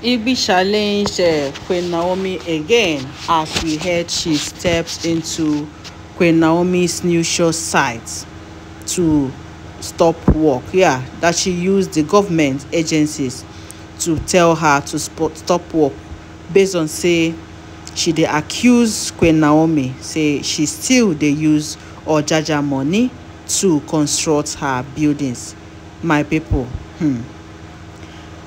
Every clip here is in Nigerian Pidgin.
Igbi challenged eh, Queen Naomi again as we heard she stepped into Queen Naomi's new show site to stop work. Yeah, that she used the government agencies to tell her to stop work based on say she dey accuse Queen Naomi say she still they use or Jaja money to construct her buildings. My people. Hmm.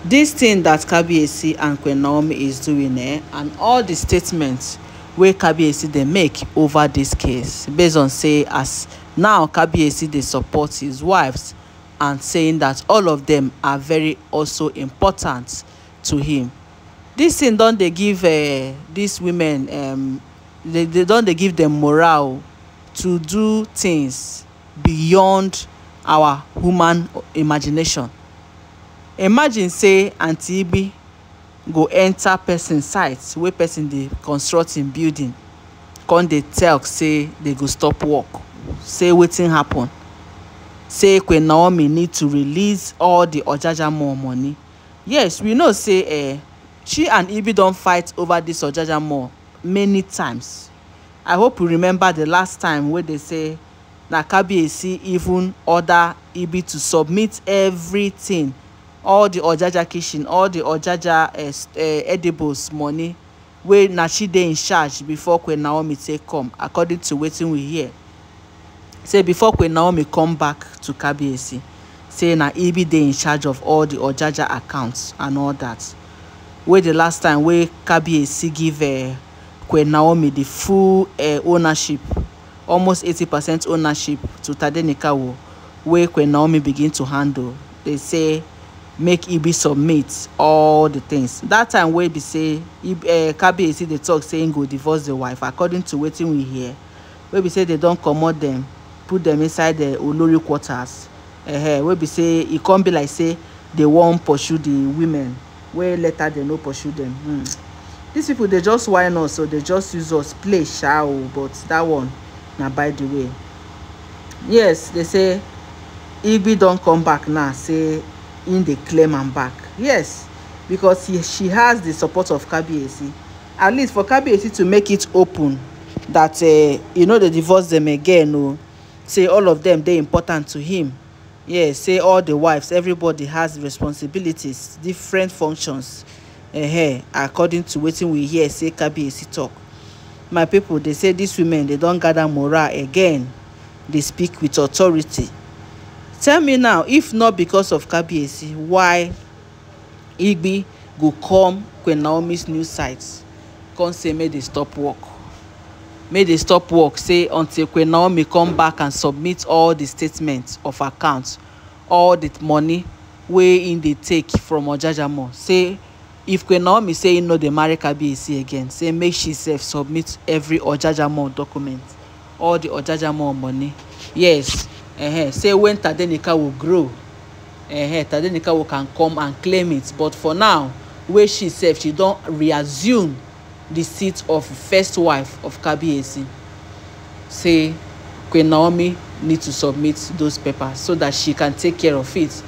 This thing that kabiyesi and queen naomi is doing eh and all the statements wey kabiyesi dey make over this case based on say as now kabiyesi dey support his wives and saying that all of them are very also important to him This thing don dey give uh, eh, dis women um, they, they don dey give them morale to do things beyond our human imagination imagine say aunty ibe go enter person site wey person dey construct im building come dey talk say dey go stop work say wetin happen say queen naomi need to release all the ojaja money yes we know say eh, she and ibi don fight over this ojaja mall many times i hope you remember the last time wey dey say na kabiyesi even order ibi to submit everything all the ojaja kitchen all the ojaja eh, eh, edibles money wey na she dey in charge before queen naomi take come according to wetin we hear say before queen naomi come back to kabiyesi say na ibi dey in charge of all the ojaja accounts and all that. wey the last time wey kabiyesi give eh, queen naomi the full ownership almost eighty percent ownership to tadenikawo wey queen naomi begin to handle dey say make ibi submit all the things. That time wey be say eh, kabiyesi dey tok say im go divorce the wife according to wetin we hear wey be say dem don comot dem put dem inside the olori quarters uh, wey be say e come be like say dey wan pursue the women wey later dem no pursue dem hmm dis pipo dey just whine us so dey just use us play sha o but that one na by the way yes dey say igbi don come back now say In the claim am back yes because he, she has the support of kabiyesi at least for kabiyesi to make it open that uh, you know, they divorce them again o oh, say all of them dey important to him yes say all the wives everybody has responsibilities different functions uh -huh, according to wetin we hear say kabiyesi talk my people dey say these women dey don gather morale again dey speak with authority tell me now if not because of kabiyesi why igbi go come queen naomi's new site come say make they stop work make they stop work say until queen naomi come back and submit all the statements of accounts all the money wey im dey take from ojajamo say if queen naomi say im no dey marry kabiyesi again say make she sef submit every ojajamo document all the ojajamo money yes uh-huh, say when tadeneka will grow uh-huh, tadeneka will can come and claim it but for now wey she sef she don reassume the seat of first wife of kabiyesi say queen naomi need to submit those papers so that she can take care of it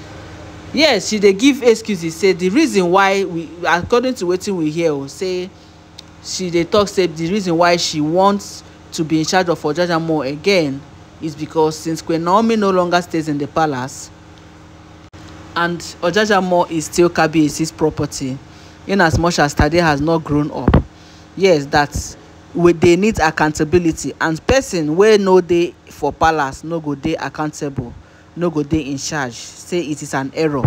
yes she dey give excuses say the reason why we according to wetin we hear o say she dey talk say the reason why she want to be in charge of ojajamo again is because since Queen Naomi no longer stays in the palace and Ojajamo is still Kabiyesi's property, in as much as Tade has not grown up. Yes, that we dey need accountability and person where no day for palace no go day accountable, no go day in charge, say it is an error.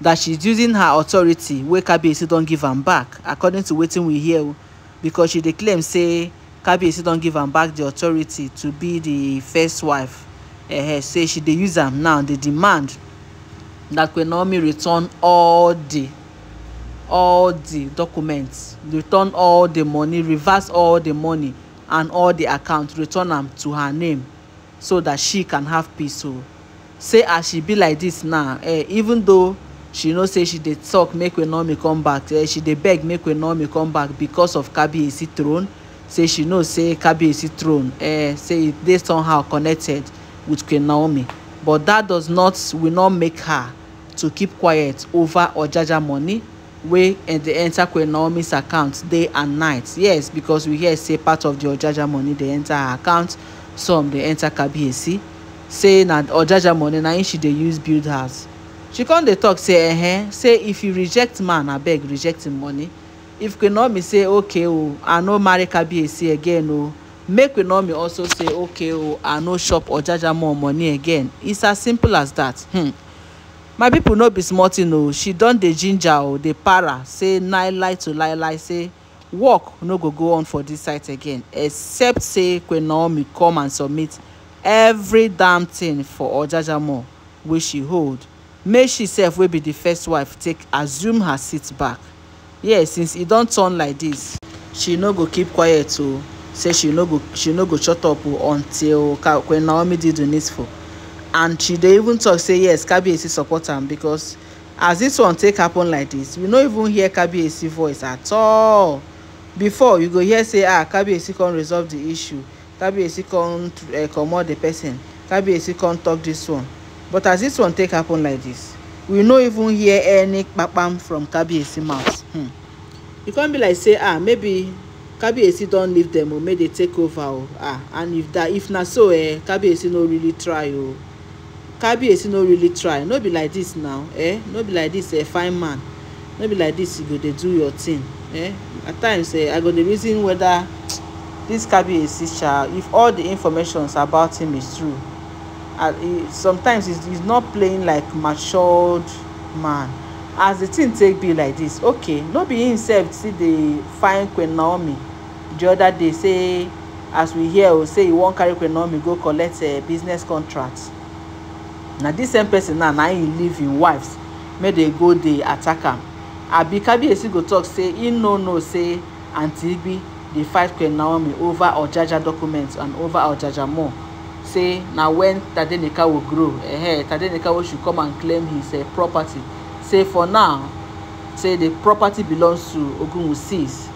That she's using her authority where Kabiyesi don't give am back according to wetin we hear because she dey say kabiyesi don give am back di authority to be di first wife uh, say she dey use am now dey demand that queen naomi return all di all di documents return all di money reverse all di money and all di account return am to her name so that she can have peace o say as she be like dis now eh, even though she know say she dey talk make queen naomi come back eh, she dey beg make queen naomi come back because of kabiyesi throne say she know say kabiyesi throne eh, say e dey somehow connected with queen naomi but that does not will not make her to keep quiet over ojaja money wey dey enter queen naomi's account day and night yes because we hear say part of the ojaja money dey enter her account some dey enter kabiyesi say na ojaja money na im she dey use build house she come dey talk say eh, eh, say if you reject man abeg reject im money if queen naomi say okay o oh, i no marry kabiyesi again o oh, make queen naomi also say okay o oh, i no chop ojaja more money again it's as simple as that hmm. my people no be small thing o she don dey ginger o dey para say lie to lie lie. say work no go go on for this site again except say queen naomi come and submit every damn thing for ojaja mall wey she hold make she sef wey be the first wife take assume her seat back yes since e don turn like this, she no go keep quiet o say she no go she no go shut up o until queen naomi did the needful and she dey even talk say yes kabiyesi support am because as this one take happen like this, we no even hear kabiyesi voice at all before you go hear say ah kabiyesi come resolve the issue kabiyesi come uh, comot the person kabiyesi come talk this one but as this one take happen like this we no even hear any kpakpam from kabiyesi mouth um e come be like say ah maybe kabiyesi don leave dem o make dey take over o ah and if that if na so eh kabiyesi no really try o kabiyesi no really try no be like this now eh no be like this eh fine man no be like this you go dey do your thing eh at times eh i go dey reason whether this kabiyesi sha if all the informations about him is true and he sometimes he's, he's not playing like matured man as the thing take be like this, okay no be himself still dey find queen naomi the other day say as we hear o oh, say he wan carry queen naomi go collect uh, business contract na this same person now na im leave im wives make dey go dey attack am abi kabiyesi go talk say he no know say aunty ibi dey fight queen naomi over ojaja documents and over ojaja more say na when tadenikawo grow eh, eh tadenikawo should come and claim his uh, property say for now say the property belongs to ogunwusis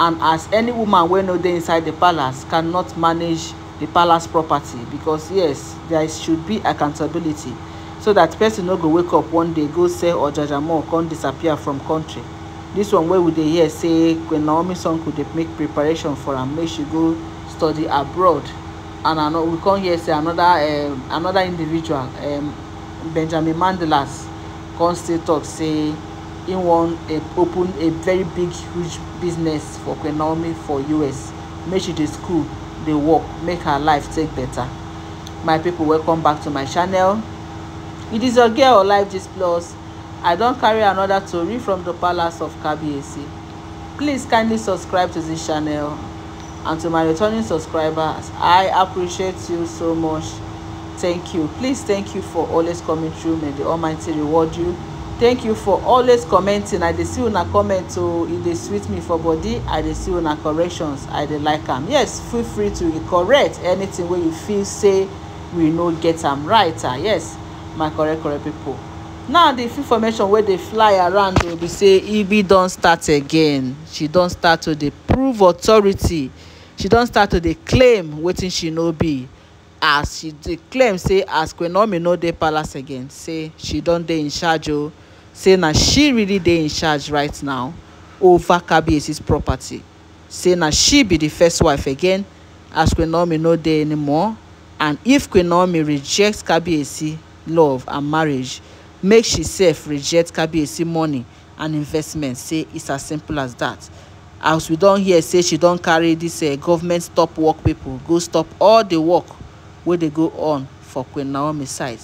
and as any woman wey no dey inside the palace cannot manage the palace property because yes there should be accountability so that person no go wake up one day go sell or ojajamo come disappear from country this one wey we dey hear say queen naomi sonko dey make preparation for am make she go study abroad and ano we come hear say another um, another individual um, benjamin mandelas come still talk say e wan open a very big huge business for queen for us make she dey school dey work make her life take better my people welcome back to my channel it is your girl life gist plus i don carry another tori from the palace of kabiyesi please kindly subscribe to this channel and to my returning subscribers i appreciate you so much Thank you. Please thank you for always coming through. May the Almighty reward you. Thank you for always commenting. I dey see una comment o. Oh. E dey sweet me for body. I dey see una corrections. I dey like am. Yes, feel free to correct anything wey you feel say we no get am right. Ah, yes, my correct correct people. now the information wey dey fly around o oh, be say ibi don start again she don start to dey prove authority she don start to dey claim wetin she no be as she dey claim say as queen naomi no dey palace again say she don dey in charge o say na she really dey in charge right now over kabiyesi's property say na she be the first wife again as queen naomi no dey anymore and if queen naomi reject kabiyesi love and marriage make she sef reject kabiyesi money and investment say it's as simple as that as we don hear say she don carry this. uh, eh, government stop work people go stop all the work wey dey go on for queen naomi side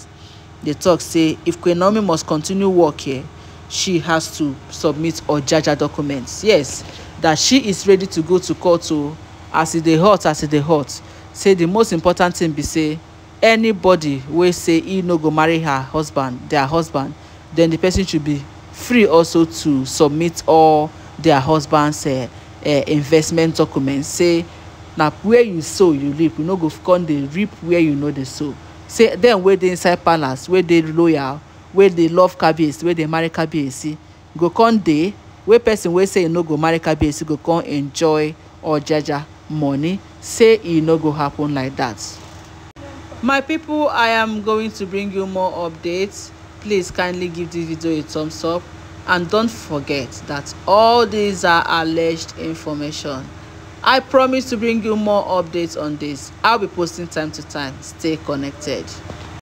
dey tok say if queen naomi must continue work here she has to submit ojaja documents yes that she is ready to go to court o oh, as e dey hot as e dey hot say the most important thing be say anybody wey say e no go marry her husband their husband then the person should be free also to submit all their husband's uh, uh, investment documents say na where you sow you reap you no go come dey reap where you no dey sow say dem wey dey inside palace wey dey loyal wey dey love kabiyesi wey dey marry kabiyesi go come dey wey person wey say e no go marry kabiyesi go come enjoy ojaja money say e no go happen like that. my people i am going to bring you more updates please kindly give this video a thumbs up and don't forget that all these are alleged information I promise to bring you more updates on this. I'll be posting time to time. Stay connected.